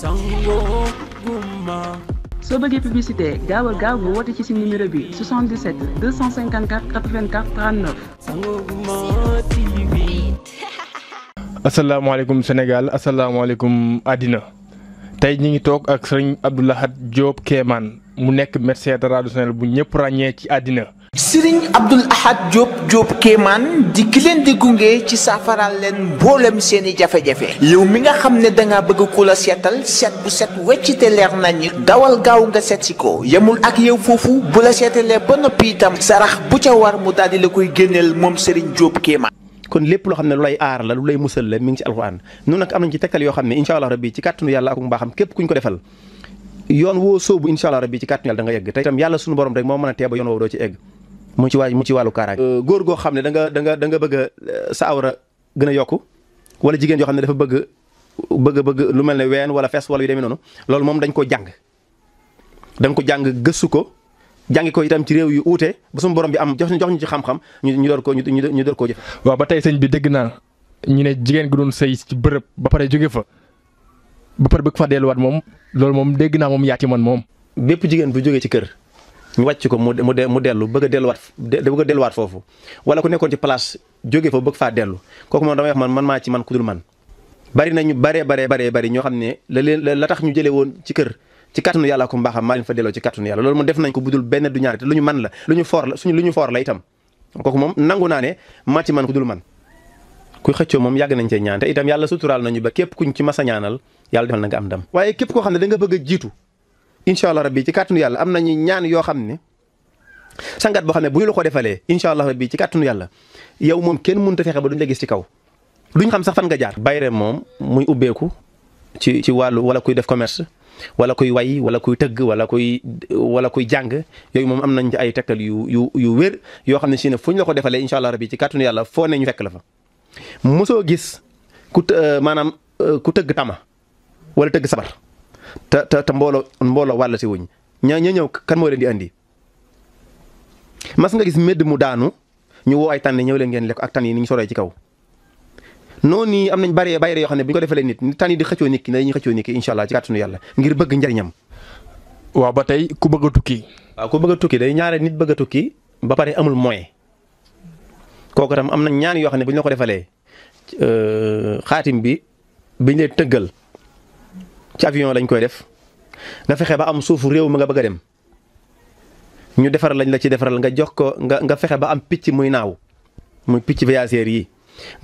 Sango Gouma soo bëggee publicité gaawal gaaw nga woote ci si numéro bi 77 254 84 39. Sango asalaamaaleykum àddina tey ñi ngi toog ak sëriñ Abdou Lahad Diop mu nekk médecin traditionnel bu ñëpp ràññee ci àddina. Serigne Abdul Ahad job job keman? di ki di gunge ci safaral len bolem seeni jafé jafé yow mi nga xamné da nga bëgg ku la sétal sét bu set weccite lér nañu dawal gaaw nga sét ci ko yamul ak yow fofu bu la seetalee ba noppi tam sarax bu ca war mu dal di la koy gënël mom Serigne Job Keman kon lepp lo xam ne lu lay aar la lu lay la mi ngi ci alquran nu nak am ci tekkal yo xam inshallah allah rabbi ci kàttanu yalla ak baxam kep kuñ ko defal yoon wo sobu inshallah allah rabbi ci kàttanu yalla da nga yegg tay tam yalla suñu borom rek mo mën a yoon woowu ci egg mu ci wàll mu ci wàllu kaaraange. Euh, góor goo xam ne danga danga da nga euh, sa awra gën a yokk wala jigéen yoo xam ne dafa bëgg bëgg bëgg lu mel ne ween wala fes wala yu demee noonu loolu moom dañ ko jàng dañ ko jàng gëstu ko jàngi ko itam ci réew yu uute ba suma borom bi am jox jox ñu ci xam ñu ñu door koo ñu ñu door koo jëf. waaw ba tey sëñ bi dégg naa ñu ne jigéen gi doon sëy ci bërëb ba pare jóge fa ba pare bëgg fa moom loolu moom dégg naa moom yaa ci man moom. bépp jigéen bu jógee ci kër ñu wàcc ko mu mu mu dellu bëgg a delluwaat bëgg a delluwaat foofu wala ku nekkoon ci place jóge fa bëgg faa dellu kooku moom damay wax man man maa ci man ku dul man bari nañu baree baree baree bari ñoo xam ne la leen la tax ñu jëlee woon ci kër ci kàttanu ko mbaaxam maa leen fa moom def nañ te lu ñu man la lu ñu foor ñu foor la itam kooku ci man ku dul xëccoo moom yàgg nañ cee ñaan te itam yàlla suturaal nañu ba képp kuñ ci mas a ñaanal yàlla defal na nga am ndam waaye képp koo xam ne da nga jiitu incha allah rabbi ci kàttanu yàlla am nañu ñaan yoo xam ne sangat boo xam ne bu ñu la ko defalee incha allah rabbi ci kàttanu yàlla yow moom kenn mënut a fexe ba duñ la gis ci kaw duñ xam sax fan nga jaar. bayre moom muy ubbeeku ci ci wàllu wala kuy def commerce wala kuy way wala kuy tëgg wala kuy wala kuy jàng yooyu moom am nañ ay tegtal yu yu yu wér yoo xam ne si ne fu la ko defalee incha allah ci kàttanu yàlla foo ne ñu fekk la fa mosoo gis ku euh, maanaam euh, ku tëgg tama wala tëgg sabar. te te te mbooloo mbooloo wàll si wuñ ña ña ñëw kan moo leen di indi mas nga gis mbedd mu daanu ñu woo ay tànn ñëw leen ngeen lekk ak tànn yi ni ñu soree ci kaw noonu nii am nañ bari bari yoo xam ne bu ñu ko defalee nit ni di xëccoo nit ki dañuy xëccoo nit ki incha allah ci kàttanu yàlla ngir bëgg njariñam. waaw ba tey ku bëgg tukki. waaw bëgg tukki day ñaare nit bëgg a tukki ba pare amul moyen kooku tam am nañ ñaan yoo xam ne bu ñu la euh, xaatim bi biñ lay tëggal ci avion lañ koy def nga fexe ba am suufu réew ma nga bëgg a dem ñu defaral lañ la ci defaral nga jox ko nga nga fexe ba am picc muy naaw muy picc voyageur yi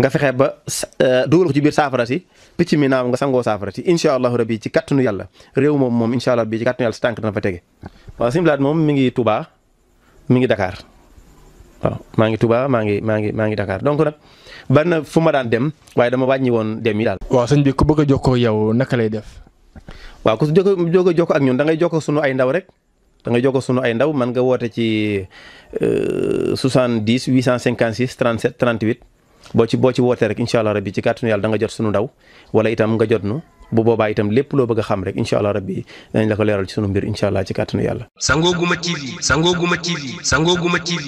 nga fexe ba euh, dugal ko ci biir saafara si picc mi naaw nga sangoo saafara si incha allahu rabi ci kattanu yàlla réew moom moom incha allah bi ci kattanu yàlla si tànk dana fa tege. waaw Simblaat moom mi ngi tubaa mi ngi dakaar waaw maa ngi Touba maa ngi maa ngi maa ngi Dakar donc nag bari na fu ma daan dem waaye dama wàññi woon dem yi daal. waaw bëgg a jokkoo yow naka lay def. waaw ku si jóg a jokk ak ñun da ngay jokk sunu ay ndaw rek da ngay jokk sunu ay man nga woote ci 70 856 37 38 boo ci boo ci wootee rek incha allah rabbi ci kàttanu yàlla da nga jot sunu ndaw wala itam nga jot nu bu boobaa itam lépp loo bëgg xam rek incha allah rabbi danañ la ko leeral ci sunu mbir incha allah ci kàttanu yàlla. Sango Gouma TV Sango Gouma TV Sango Gouma TV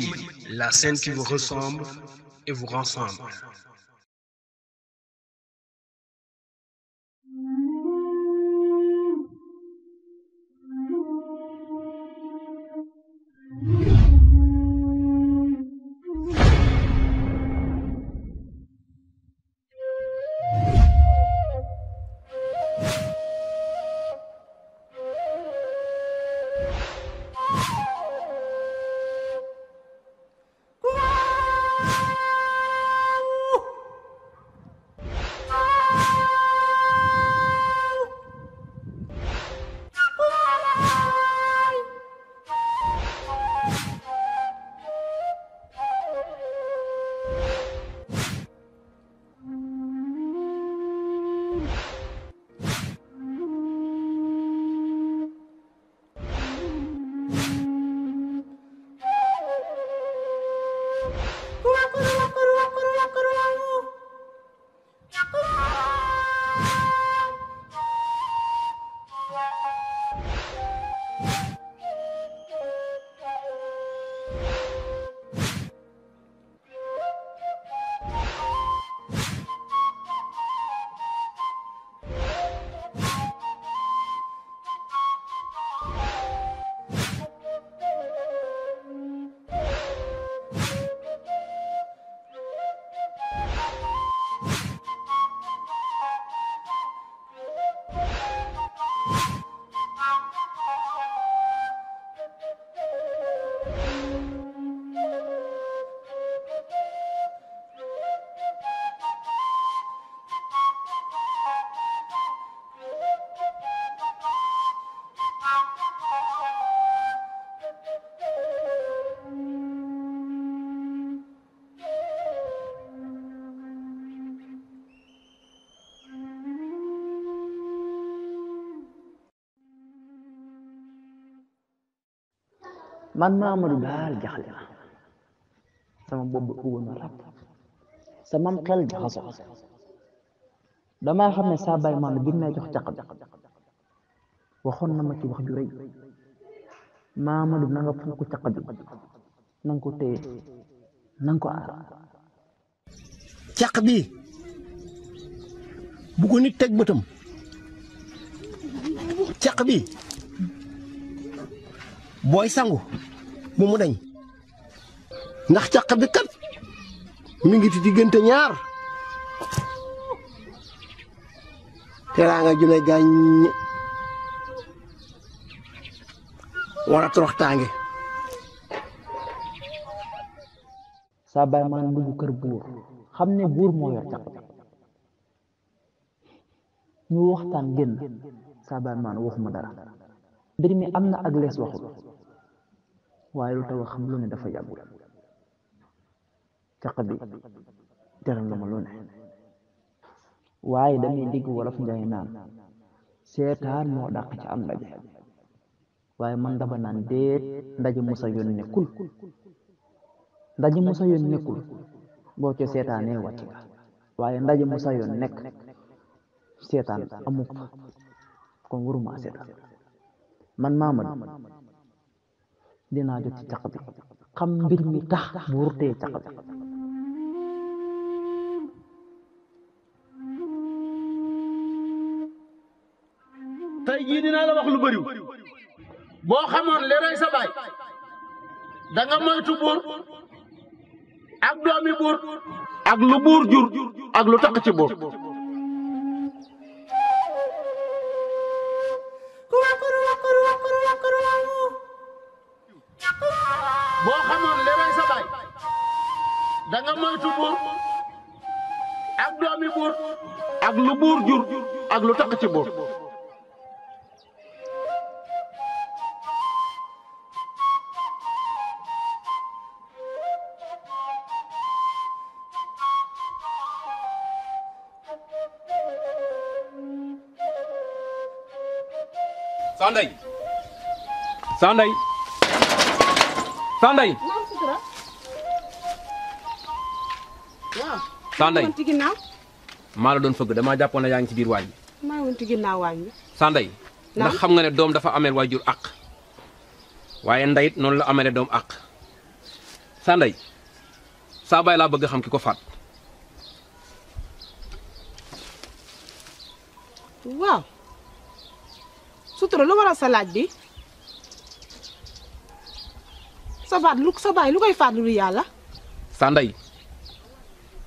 la scène qui man Mamadou daal jaxle na sama bopp bi ubbi na rab sama xel jaxasoo damaa xam ne saa bay maam bi may jox caq bi waxoon na ma ci wax ju rëy Mamadou na nga fonk caq bi na nga ko téye na ko aar caq bi bu teg bëtam caq bi booy sangu bu mu dañ ndax ciak bi kat mi ngi ci diggante ñaar teraanga ju ne gàññ war a toroxtaange saa baay maan dugg kër bur xam bur mo yor ciak ñu waxtaan génn sa bay man waxuma dara mbir mi ak les waxul waaye lu taw xam lu ne dafa yàggul caq bi teral na ma lu ne waaye damay dégg wolof njaay naan setan mo dàq ci am ndaje waye man dama naan déet ndaje musa yoon kul ndaje musa yoon kul bo ci seetaanee wàcc nga ndaje musa yoon nekk seetaan amuk kon waruma setan man mamad dinaa jot ci caq bi xam mbir mi tax bu wurtee caq bi tey jii dinaa la wax lu bëriw boo xamoon li rey sa baay da nga moytu buur ak doomi buur ak lu buur jur ak lu taq ci buur da nga moytu buur ak doomi buur ak lu ak lu takk ci Sanday Sanday Sanday Sanday maa ci ginnaaw. maa la doon fëgg damaa jàppoon ne yaa ngi ci biir waañ bi. maa woon ci ginnaaw waañ Sanday. ndax xam nga ne doom dafa ameel waajur àq. waaye ndayit noonu la amele doom àq. Sanday saa baay laa bëgg xam ki ko faat. waaw sutura lu waral sa laaj bi sa faat lu sa baay lu koy faat lu yàlla. Sanday.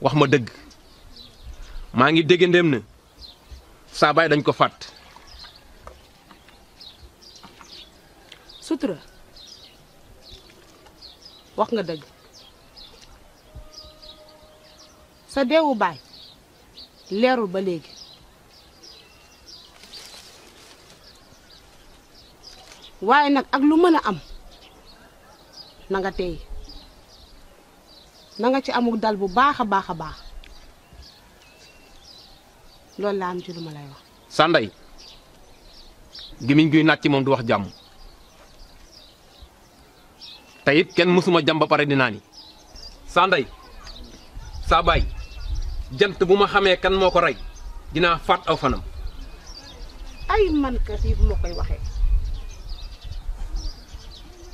wax ma dëgg maa ngi dégg ndem na saa baay dañ ko fàtt. sutura wax nga dëgg sa deewu baay leerul ba léegi. waaye nag ak lu mën a am na nga tey na nga ci amuk dal bu baakha baakha baax a la am ci luma lay wax. Sanday gimiñ guy natti mom du wax jam tayit ken musuma jam ba pare di naan Sanday sa bay jant bu ma kan moko ray dina fat aw fanam. ay man ka si bu koy waxee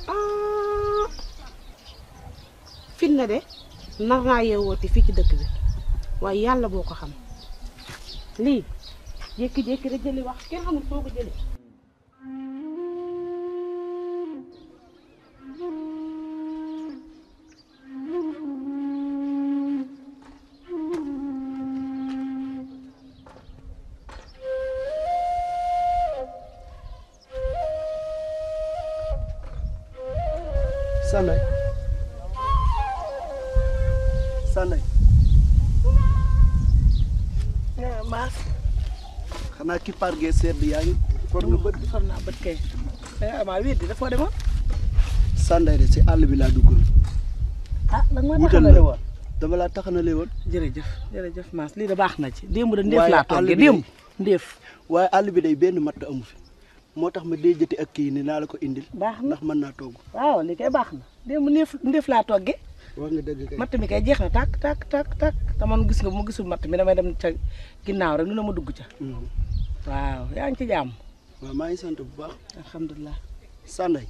ah. fitna de nar naa yeewooti fii ci dëkk bi waaye yàlla boo ko xam lii jékki-jékki rek jëli wax kenn xamul foo ko jëli Summer. xanaa ki par ge sedd yaa ngi nga bët for naa bët kay ama wéddi dafa demoon sànday de bi ah da nga ma taxanale woon dama laa taxanale woon jërëjëf jërëjëf maas lii da baax na ci démb da ndéef laa toggee démb ndéef waaye àll bi day benn matt amu fi moo ma dee jëti ak kii ni naa la ko indil baax ndax mën naa togg waaw lii kay baax na démb ndéef ndéef laa toggee wax mi kay jeex na gis nga gisul mi dem rek ma dugg waaw yaa ngi ci jàmm. waaw maa ngi sant bu baax. alhamdulilah. Sanday.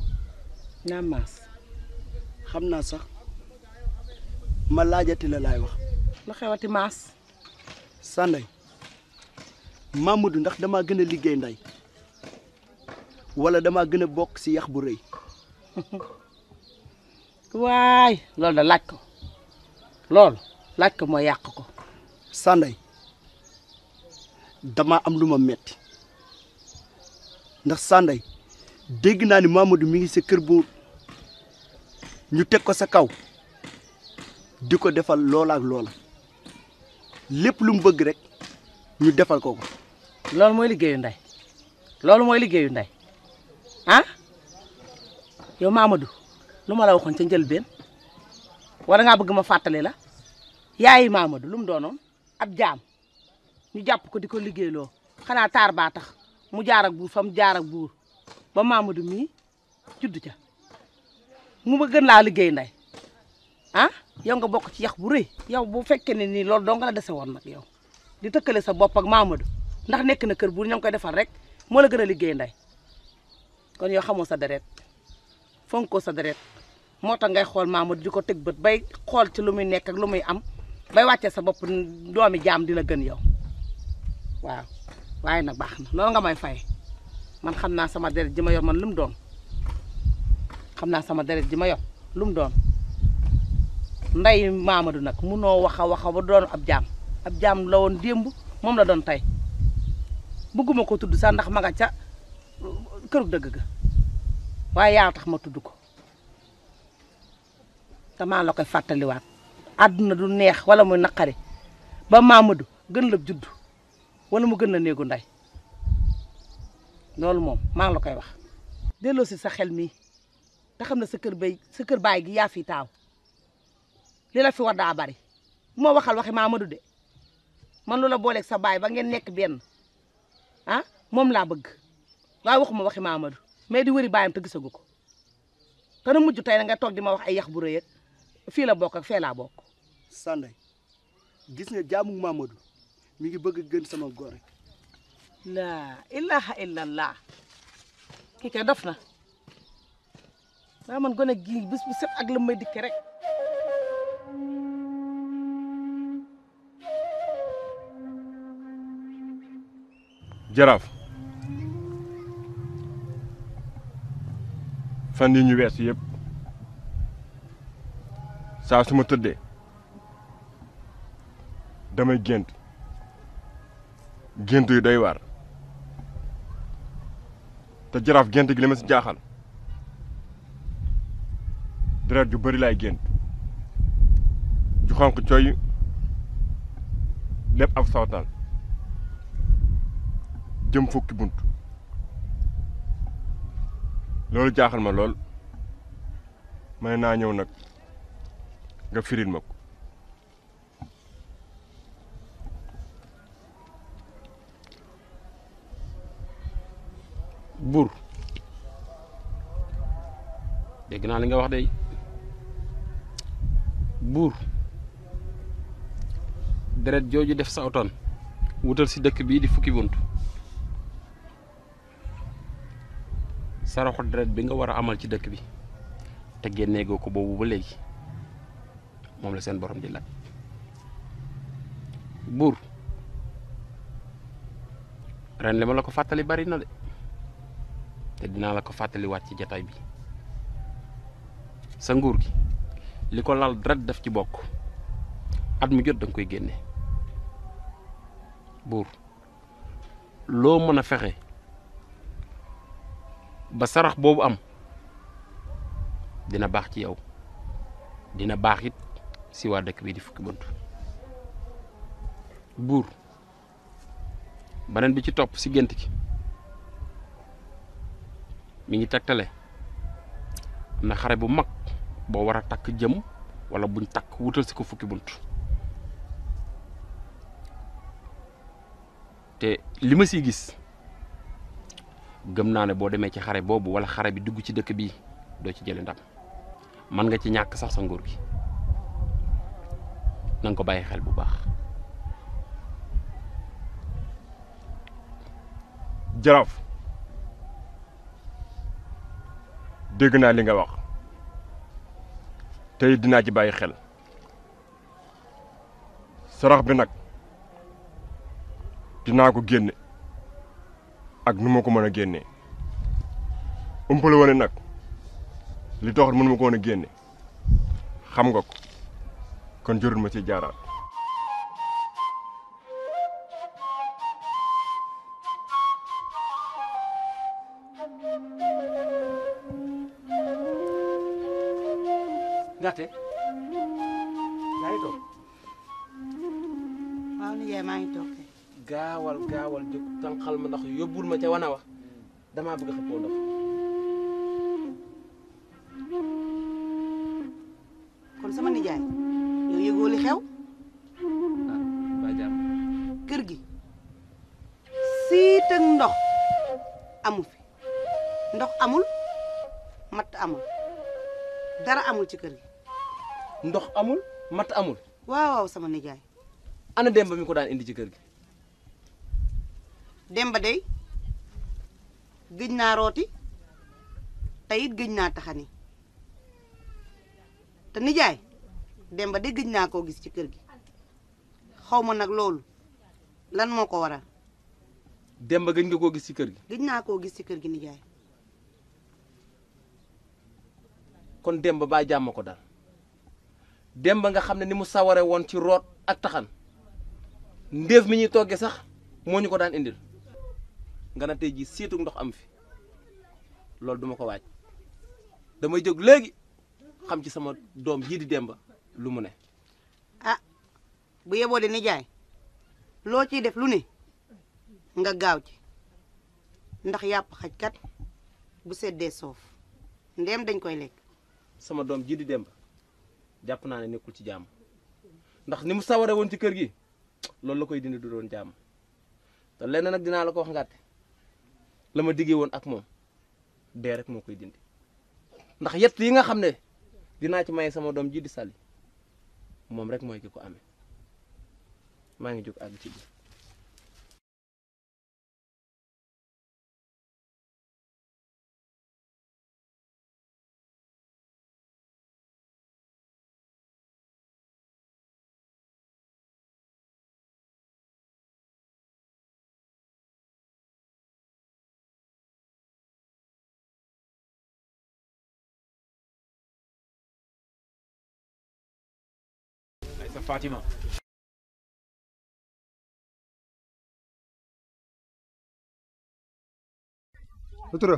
naam maas. xam naa sax ma laajati la laay wax. lu xewati maas. Sanday Mamadou ndax damaa gën a liggéey nday wala dama gën a bokk ci yax bu rëy. waay loolu da laaj ko loolu laaj ko mooy yàq ko. Sanday. dama am lu ma metti ndax Sanday dégg naa ni Mamadou mi ngi sa kër buur ñu teg ko sa kaw di ko defal loola ak loola lépp lu mu bëgg rek ñu defal ko ko. loolu mooy liggéeyu nday loolu mooy liggéeyu nday ah yow Mamadou lu ma la waxoon ca njëlbeen wala ngaa bëgg ma fàttali la yaayi Mamadou lu mu doonoon ab jaam. ñu jàpp ko di ko liggéeyloo xanaa taar baa tax mu jaar ak buur fa mu jaar ak buur ba Mamadou mii judd ca mu ma gën laa liggéey nday ah yow nga bokk ci yax bu rëy yow bu fekkee ne nii loolu doo nga la dese woon nag yow di tëkkale sa bopp ak Mamadou ndax nekk na kër buur ña ngi koy defar rek moo la gën a liggéey nday kon yow xamoo sa deret fonkoo sa deret moo tax ngay xool Mamadou di ko teg bët bay xool ci lu muy nekk ak lu muy am bay wàccee sa bopp doomi jaam di la gën yow waaw waaye nag baax na loolu nga ma fay man xam naa sama deret ji ma yor man lu mu doon xam naa sama deret ji ma yor lu mu doon ndey Mamadou nag noo wax a wax a doon ab jaam ab jaam la woon démb moom la doon tey bëgguma ko tudd sax ndax ma nga ca uh, kërug dëgg ga waaye yaa tax ma tudd ko damaa la koy fàttaliwaat àdduna du neex wala muy naqari maama Mamadou gën la judd wala mu gën la néegu nday loolu moom maa ngi la koy wax delloo si sa xel mii te xam ne sa kër bay sa kër baay gi yaa fi taaw li la fi war daa bari moo ma waxal waxi madu de man lu la booleeg sa baay ba ngeen nekk benn ah moom laa bëgg wax ma waxi Mamadou mais di wëri baayam te gisagu ko te na mujj tey na nga toog di ma wax ay yax bu rëy fii la bokk ak fee laa bokk. Sanday gis nga jaamu Mamadou. mi ngi bëgg gën sama gore laa ilaha illallah kii kay dof na daa man gone gii bis bu set ak la may dikke rek jaraaf fan yi ñu weesu yépp saa su ma tëddee damay gént gént yu day waar te jaraaf gént gi li ma si jaaxal deret ju bari laay gént ju xonq coy lépp ab sawtal jëm fukki bunt loolu jaaxal ma lool ma naa ñëw nag nga firil ma ko buur dégg naa li nga wax de buur deret jooju def sa otoon wutal si dëkk bii di fukki bunt saraxu deret bi nga war a amal ci dëkk bi te génneegoo ko boobu ba léegi moom la seen borom di laaj buur ren li ma la ko fàttali bari na de te dina la ko wat ci jotaay bi sa nguur gi liko lal dret def ci bokk at mu jot dang koy genné bur lo meuna fexé ba sarax bobu am dina bax ci yow dina bax it si wa dekk bi di fukki buntu bur banen bi ci top si gént mi ngi takkale am xare bu mag boo war a takk jëm wala buñ takk wutal si ko fukki bunt te li ma siy gis gëm naa ne boo demee ci xare boobu wala xare bi dugg ci dëkk bi doo ci jële ndam mën nga ci ñàkk sax sa nguur gi na ko bàyyi xel bu baax jaraaf dégg naa li nga wax tey dinaa ci bàyyi xel sarax bi nag dinaa ko génne ak nu ma ko mën a génnee umpale wane nag li taxoon mënu ma ko mën a génne xam nga ko kon jorul ma ci jaaraat ndox amul mat amul. waaw waaw sama nijaay. ana Demba mi ko daan indi ci kër gi. Demba day gëj roti rooti te gëj taxani te nijaay Demba day gëj naa gis ci kër gi xawma nak lool lan moko waral. Demba gëj nga koo gis ci kër gi. gëj naa gis ci kër gi nijaay. kon Demba ba jàmm ko dem ba nga xam ne ni mu saware woon ci root ak taxan ndéef mi ñuy toggee sax moo ñu ko daan indil nga na tey jii siitu ndox am fi loolu duma ko waaj damay jóg léegi xam ci sama doom jii di Demba lu mu ne a ah, bu yeboo de nijaay loo ciy def lu ne nga gaaw ci ndax yàpp xajkat bu seddee soof ndeem dañ koy lekk sama doom jii di Demba jàpp naa ne nekkul ci jàmm ndax ni mu saware woon ci kër gi loolu la koy dindi du doon jàmm te lenn nag dinaa la ko wax ngàtte la ma diggee woon ak moom dee rek moo koy dindi ndax yett yi nga xam ne dinaa ci may sama doom ji di sali moom rek mooy ki ko amee maa ngi jóg àgg ci bi Fatima sutura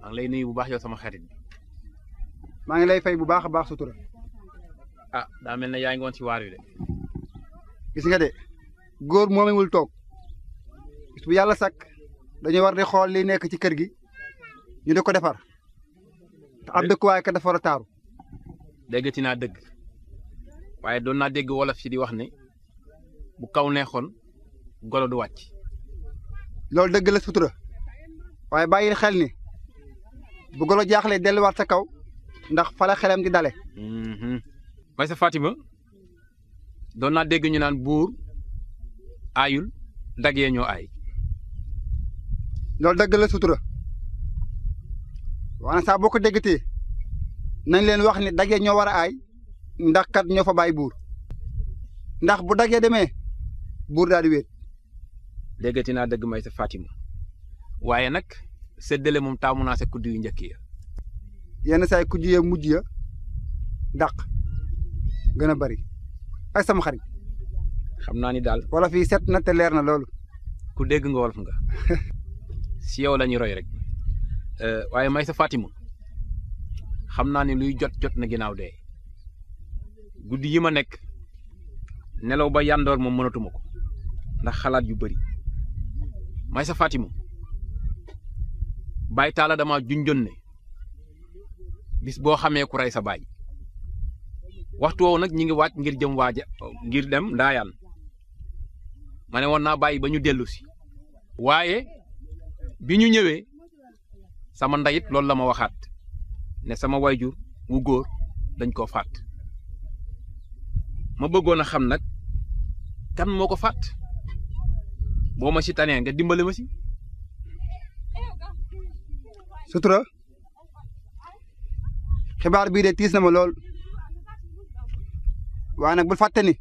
Ma ngi lay nuyu bu baax yow sama xarit bi maa ngi lay fay bu baax baax sutura ah da melni yaay ngi won ci waar yu de gis nga de goor moomewul toog bis bu Yalla sak, dañu war di xol li nekk ci kër gi ñu di ko defar te ab dëkkuwaay ka dafa war a taaru déggati waye do na deg wolof ci di wax ne bu kaw neexon golo du wacc lol deug la sutura waye bàyyil xel ni bu golo delu wat sa kaw ndax fala xelam di hmm may sa Fatima do na deg ñu naan bour ayul dagge ñoo ay lol deug la sutura wana sa boo ko nañ leen wax ni dagge ñoo war ay ndax kat ñofa bay bur ndax bu dagge demee bur daal di wéet déggati na dëgg may sa Fatima waaye nag séddale moom taamu naa sa kuddu yu njëkk ya yenn say kuddu ya mujj ya ndax gëna bari ay sama xarit xamna ni daal wala fi set na te leer na loolu ku dégg nga wolf nga si yow lañu roy rek euh, may sa Fatima xamna ni luy jot jot na ginaaw gudi yi ma nekk nelaw ba yandoor moom mënatuma ko ndax xalaat yu bari may sa Fatima bàyyi taala dama junjoon ne bis boo xamee ku rey sa baay waxtu woowu nag ñi ngi waaj ngir jëm waaja ngir dem ndaayaan ma sama ndayit loolu ne sama wayjur wu dañ ma bëggoon a xam nag kan moo ko faat boo ma ci tanee nga dimbale ma ci sutura xibaar bii de tiis na ma lool waa nag bul fàtte ni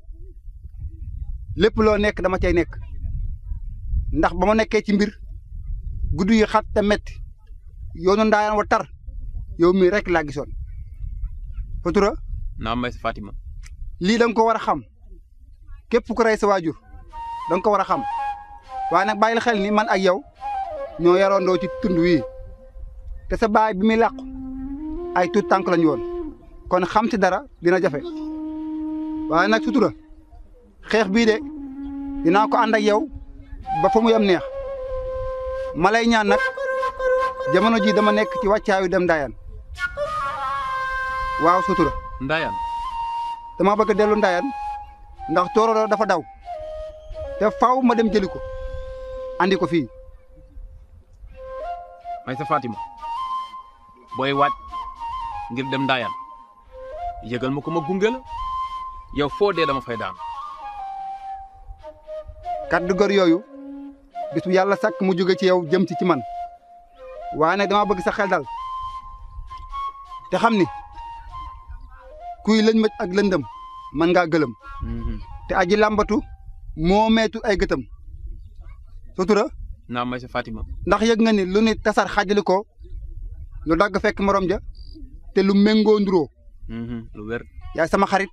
lépp loo nekk dama cay nekk ndax ba ma nekkee ci mbir guddi yi xat te metti yoonu ndaayaan wa tar yow mii rek laa gisoon sutura. naam may si Fatima. lii da ko war a xam képp ku rey sa waajur da ko war a xam waa nag bàyyil xel ni man ak yow ñoo yaroondoo ci tund wii te sa baay bi muy làqu ay tuut tànk lañu woon kon xam ci dara dina jafe waa nag sutura xeex bii de dinaa ko ànd ak yow ba fa mu yam neex ma ñaan nag jamono ji dama nekk ci wàccaayu dem Ndayane waaw sutura Ndayane dama bëgg a dellu Ndayane ndax Tooraro dafa daw te faaw ma dem jëli ko andi ko fii. may sa Fatima booy waaj ngir dem Ndayane yëgal ma ko ma gunge la yow foo dee ma fay daan. kaddu gor yooyu bis yàlla sakk mu jóge ci yow jëm ci ci man waaye nag dama bëgg sa xel dal te xam ni. kuy lañ ma ak lendeum man ngaa hmm te aji So moo meetu ay geutam sutura na may sa fatima ndax yeug nga ni lu ni tassar xajliko lu dag fek morom ja te lu méngoo hmm lu wer ya sama xarit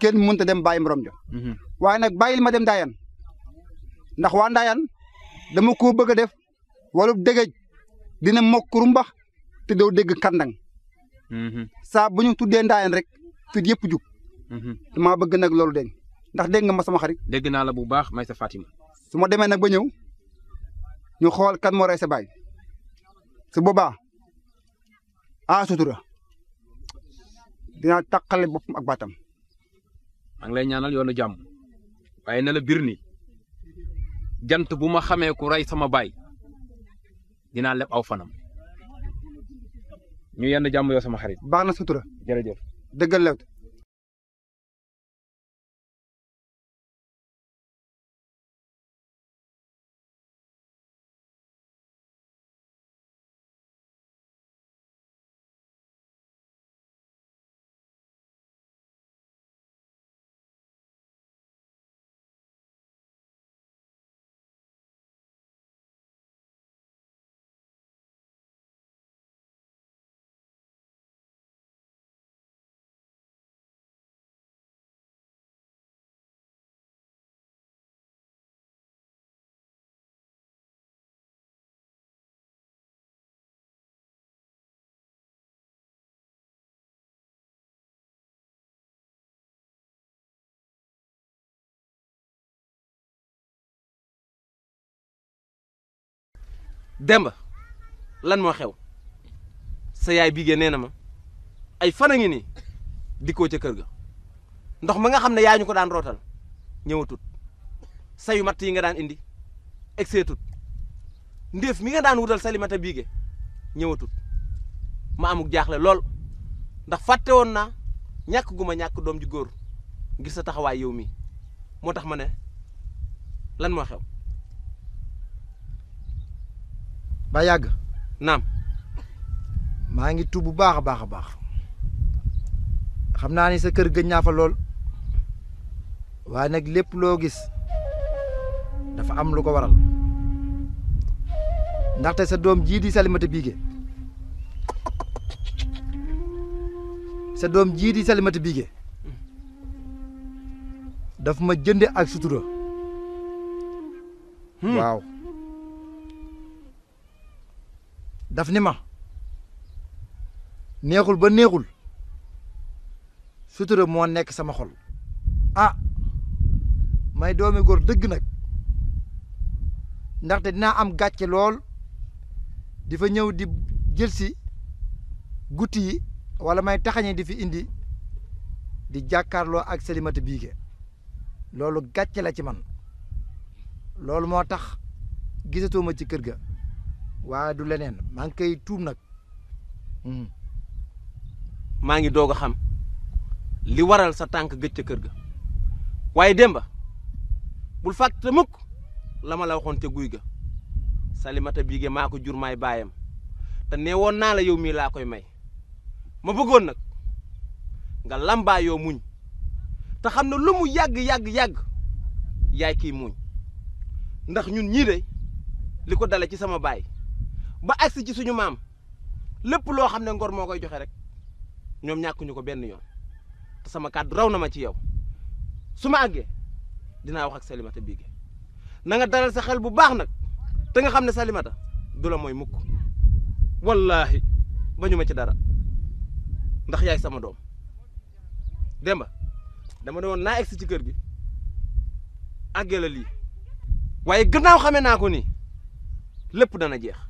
ken munta dem baye morom ja mhm. way nak bayil ma dem dayan ndax wa dayan dama ko bëgg def walub degej dina mok rumbax te do deg kandang Mhm. saa buñu tuddé ndayen ndaayaan rek fit juk hmm dama bëgg nak lolu dégg ndax dégg nga ma sama xarit. dégg na la bu baax may sa Fatima. suma démé nak ba ñëw ñu xol kan mo réssé bay su boobaa ah sutura dina takalé bopum ak batam ma nglay ñaanal yoonu jamm waye na la bir jant bu ma ku ray sama bay. Dina lepp aw fanam. ñu yenn jàmm yoo sama xarit. baax na sutura jërëjëf dëggal demba lan mo xew sa yaay bi nee ma ay fana a ngi nii dikkoo ca kër ga ndox ma nga xamne yaay ñuko ñu ko daan rootal ñëwatut sayu mat yi nga daan indi tut. ndef mi nga daan wutal salimata biige ñëwatut ma amuk jaxle lol ndax fatte won na ñak guma ñak dom ju ngir sa taxaway yow mi motax mané lan mo xew Bayag. nam, Ma ngi tu bu baax a baax a baax xam ni sa keur geñna fa lol. Wa nak lepp lo gis dafa am lu ko waral ndaxte sa dom ji di Salimata Bigué sa dom ji di Salimata daf ma jënde ak sutura hmm. Wow. daf ni ma neexul ba neexul sutura mo nek sama xol ah may doomi góor dëgg nag ndaxte dina am gatché lol di fa di jël ci guti wala may di fi indi di jakarlo ak Salimata Biige lolou gatché la ci man lolou motax gisatuma ci kër ga waa du leneen maa ngi koy tuub nag. Hmm. maa ngi doog a xam li waral sa tànk gëj ca kër ga waaye Demba bul fàtte mukk lama la waxoon te guy ga Salimata Bigué maa ko jur maay baayam te nee woon naa la yow mii laa koy may ma bëggoon nag nga lambaayoo muñ te xam ne lu mu yàgg yàgg yàgg yaay kii muñ ndax ñun ñii de li ko dale ci sama baay ba agsi ci suñu maam lépp loo xam ne ngor moo koy joxe rek ñoom ñàkkuñu ko benn yoon sama kàddu raw na ma ci yow su ma àggee wax ak Salimata Bigué na nga dalal sa xel bu baax nag te nga xam ne Salimata du la mukk wallaahi ba ci dara ndax yaay sama dom Demba dama ne woon naa ci kër gi àggee la lii waaye gannaaw xamee naa ko dana jeex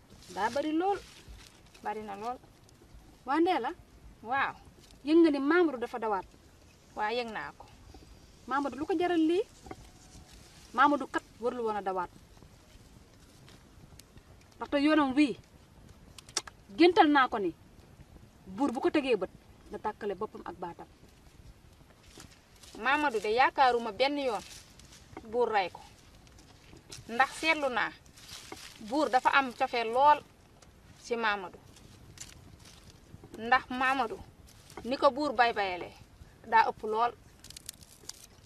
da bari lol bari na lol waa ndee la waaw yeng nga ni Mamadou dafa dawat wa yeng naa ko Mamadou lu jaral li Mamadou kat warlu wona dawat dawaat ndaxte yoonam wi, géntal na ko ni bur bu ko tege beut na takale bopam ak batam Mamadou de yakaruma ben yon bur ray ko ndax seetlu na bur, dafa am cofeel lol ci Mamadou ndax Mamadou ni ko bay bayalé da upp lol,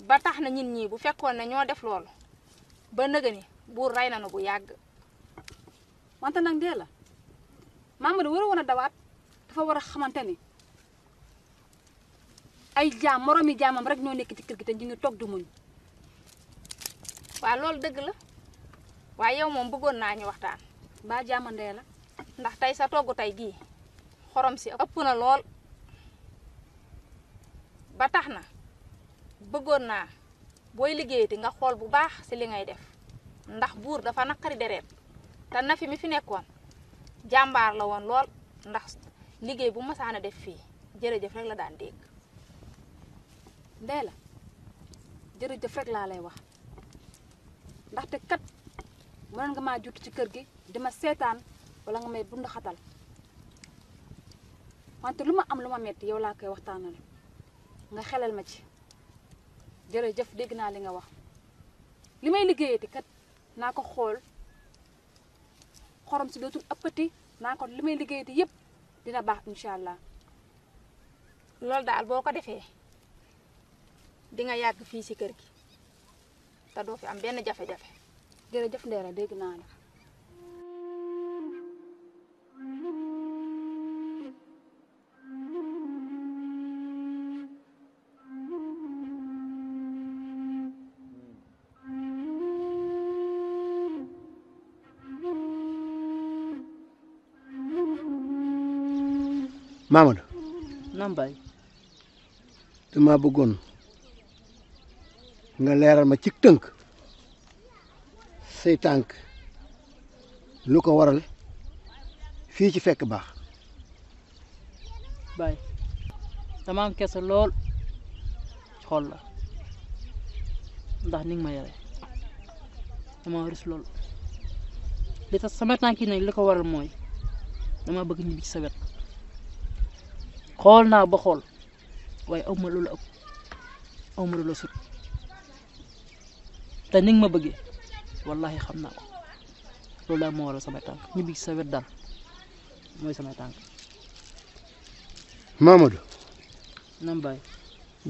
ba tax na ñin ñii bu fekkone ne ñoo def lol ba nëga ni bur rey na nu bu wanta wante nag la Mamadou wara wona dawat dafa wara xamanteni ni ay jam moromi jamam rek ñoo nekk ci kër gi te ñu tok du muñ wa lol deug la waye yow mom bëggon na ñu waxtaan ba jamandé la ndax tay sa togu tay gi xorom si ëpp na lool ba bëggon na boy liggéeyati nga xol bu baax ci li ngay def ndax bur dafa nakari dereet ta na fi mi fi nekkoon jambar la woon lool ndax liggéey bu masana def fii jërëjëf rek la daan dégg ndee la jërëjëf rek la lay wax te kat mënoon nga ma jott ci kër gi dima sétane wala nga may bund xatal wante luma am luma metti yow la koy waxtanal nga xelal ma ci jërëjëf deg na li nga wax limay liggéeyati kat nako xol xorom si dootul ëppati nako limay li may liggéeyati yépp dina baax inshallah allah dal boko defé di nga yag fi si kër gi ta do fi am ben jafe-jafe jërëjëf Ndeye dégg naa la. Mamadou. nambay dama bëggoon nga leeral ma ci tënk say tank lu ko waral fi ci fekk bax bay dama am kess lool xol la ndax ning ma yare dama waris lool li ta sama tanki ne lu ko waral moy dama bëgg ñibi ci sa wet xool ba xol way awma lu la ëpp aw ma sut ta ning ma bëggee wallahi xamna ko loolu daal moo sama tank tànk ñibbi sa wet dal moy sama tank mamadou nam bay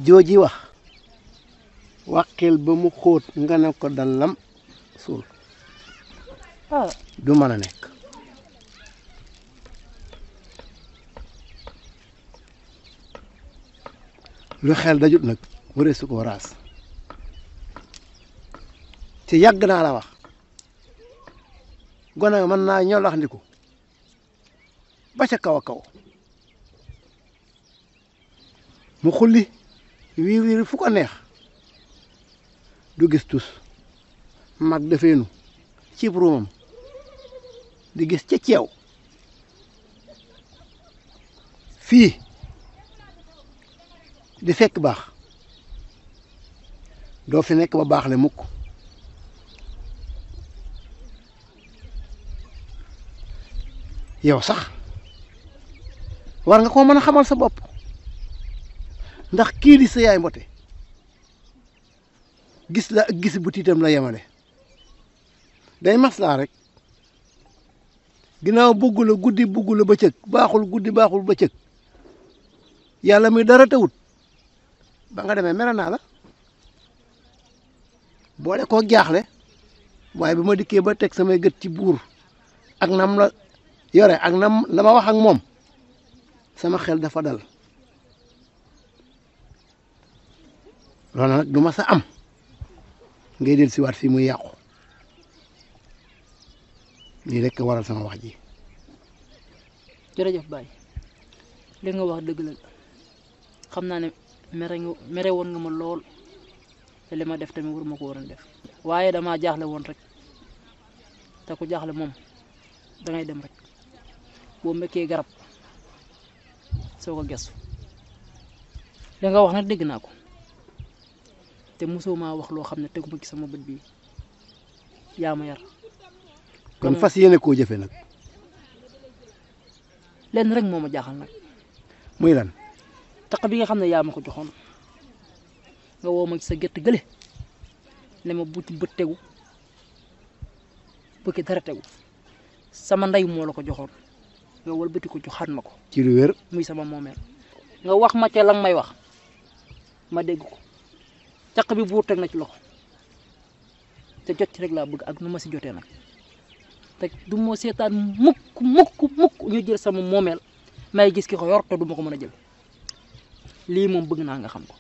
joji wax wàqil ba mu xoot nga na ko dalam sul ah du mana nek lu xel dajut nak wëree su ko raas te yàgg naa la wax gone mën naa ñoo lax ndiku ba ca kaw a kaw mu xulli wiir wiir fu ko neex du gis tus mag defeenu ci ruumam di gis ca ceew fii di fekk baax doo fi nekk ba baax le mukk yow sax war nga ko meuna xamal sa bop ndax ki di sa yaay gis la ak gis bu titam la yemale day maslaa rek ginaaw bugg guddii guddi beccëk baxul guddii baxul beccëk yalla bëccëg muy dara tawut ba nga démé mere la boole koo jaaxle waaye bi ma ba tek samay gëtt ci ak nam la yore ak nam la ma wax ak mom sama xel dafa dal lona nak duma sa am ngay del wat fi muy yaqku ni rek waral sama wax ji jërëjëf bay li nga wax deug la xamna ne mere nga mere won nga ma lol te def tamit waruma mako def waye dama jaxle won rek te ku mom da ngay dem rek wombakee garab soko ko da nga wax na deg naa ko te muso ma wax lo xamne ne ci sama bi Ya ma yar. kon fas yéene koo jëfee len lenn rek moma jaxal nak muy lan. tak bi nga xamne ne ma ko joxon nga woo ma ci sa gerte gele ne ma bu ci tegu bu ci dara tegu sama nday mo la ko joxon nga wëlbati ko ci xat mako ci lu wér muy sama momel. nga wax ma ca lang may wax ma dégg ko caq bi bu tek na ci loxo te jot ci rek la bëgg ak numa ci si nak nag te du mo sétan mukk mukk mukk ñu jël sama momel. may gis ki ko yor te du mako mëna jël li mom bëgg na nga xam ko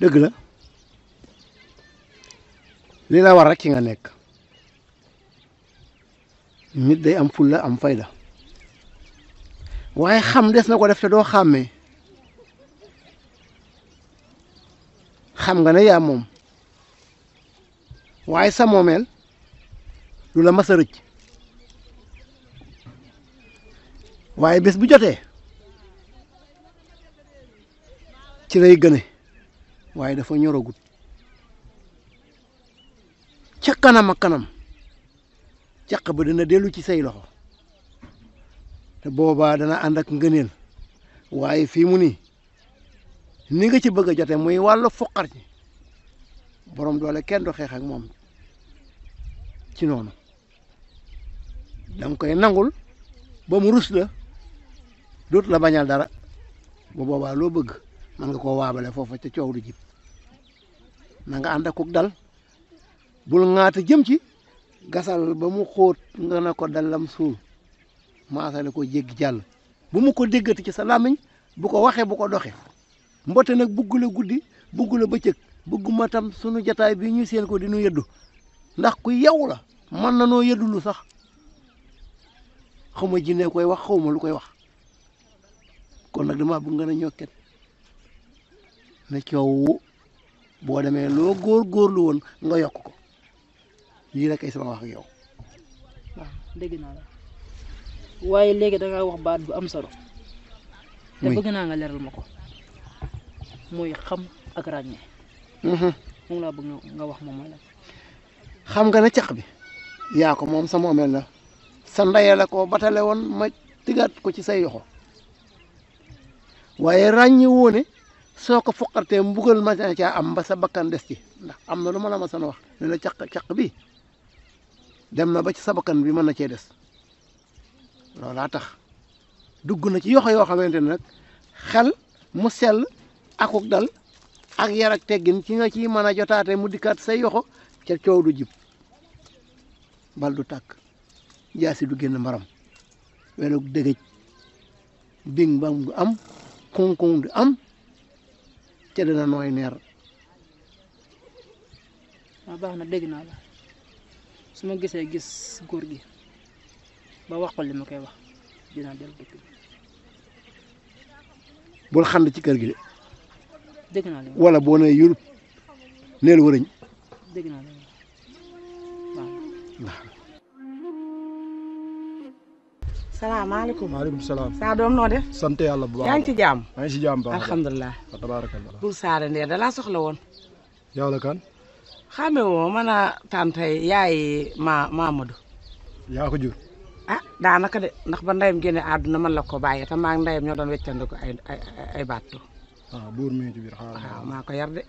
deug la lila war rek nga nek nit day am fulla am fayda waaye xam des na ko def te doo xàmmee xam nga ne yaa moom waaye sa moomeel lu la mas a rëcc waaye bés bu jotee ci lay gëne waaye dafa ñoragut ca kanam ak kanam caq ba dana delu ci say loxo te boba dana and ak ngeenel waye fi mu ni ni nga ci bëgg jotté muy walu fukar ci borom doole kenn do xex ak mom ci nonu dang koy nangul ba mu rus la doot la bañal dara bu boba lo bëgg man nga ko waabalé fofu ci ciowru du jib na nga and ak dal bul ngaata jëm ci gasal ba mu xóot nga ne ko dallam suul maasale ko jéggi jàll bu mu ko déggati ci sa làmmiñ bu ko waxee bu ko doxee mbotte nag bugg la guddi bugg la bëccëg bugguma tam sunu jataay bi ñuy seen ko di nu yëddu ndax ku yow la mën na noo yëddulu sax xawma jinne koy wax xawma lu koy wax kon nag dama bëgg nga a ñokket ne coow boo demee loo góor góorlu woon nga yokk ko lii rek ay sama wax ak yow. waaw dégg naa la waye léegi da nga wax baat bu am solo. te bëgg na nga leral mako moy xam ak hmm mo la bëgg nga wax moom la. xam nga na caq bi. ya ko mom sa moomeel la. sa ndeye la ko batalé won ma tigat ko ci say yoxo waye ragné woné soko mbugal ma ca am ba sa bakkan dess ci ndax amna luma la ma san wax ne la bi dem na ba ci sabakan bi mën na cee des loolaa tax dugg na ci yoxo yoo xamantene nak xel mu ak ak dal ak yar ak teggin ci nga ci mën a mu dikat say yoxo ci ciow du jib bal du tak jasi du genn maram welu degej bing bam du am kon du am ci dana nooy neer waaw ah, na la su ma gisee gis góor gi ba wax ko li ma koy wax dinaa dellu dëkk bi. bul xànd ci kër gi de. dégg naa leen wala boo nee yurub neel wërëñ. dégg naa leen waaw. salaamaaleykum maaleykum salaam. saa doom noo def. sant yàlla bu baax yaa ngi ci jàmm. maa ngi ci jàmm baax alhamdulilah. wa tabaarakallah. Bul Saare Nder da laa soxla woon. yow la kan. xame woo ma naa tante yaay ma Mamadou. yaa ko jur. ah daanaka de ndax ba ndeyam génne àdduna man la ko bàyyee te maa ngi ndeyam ñoo doon weccandi ko ay baatu. Ah, maa ko yar de.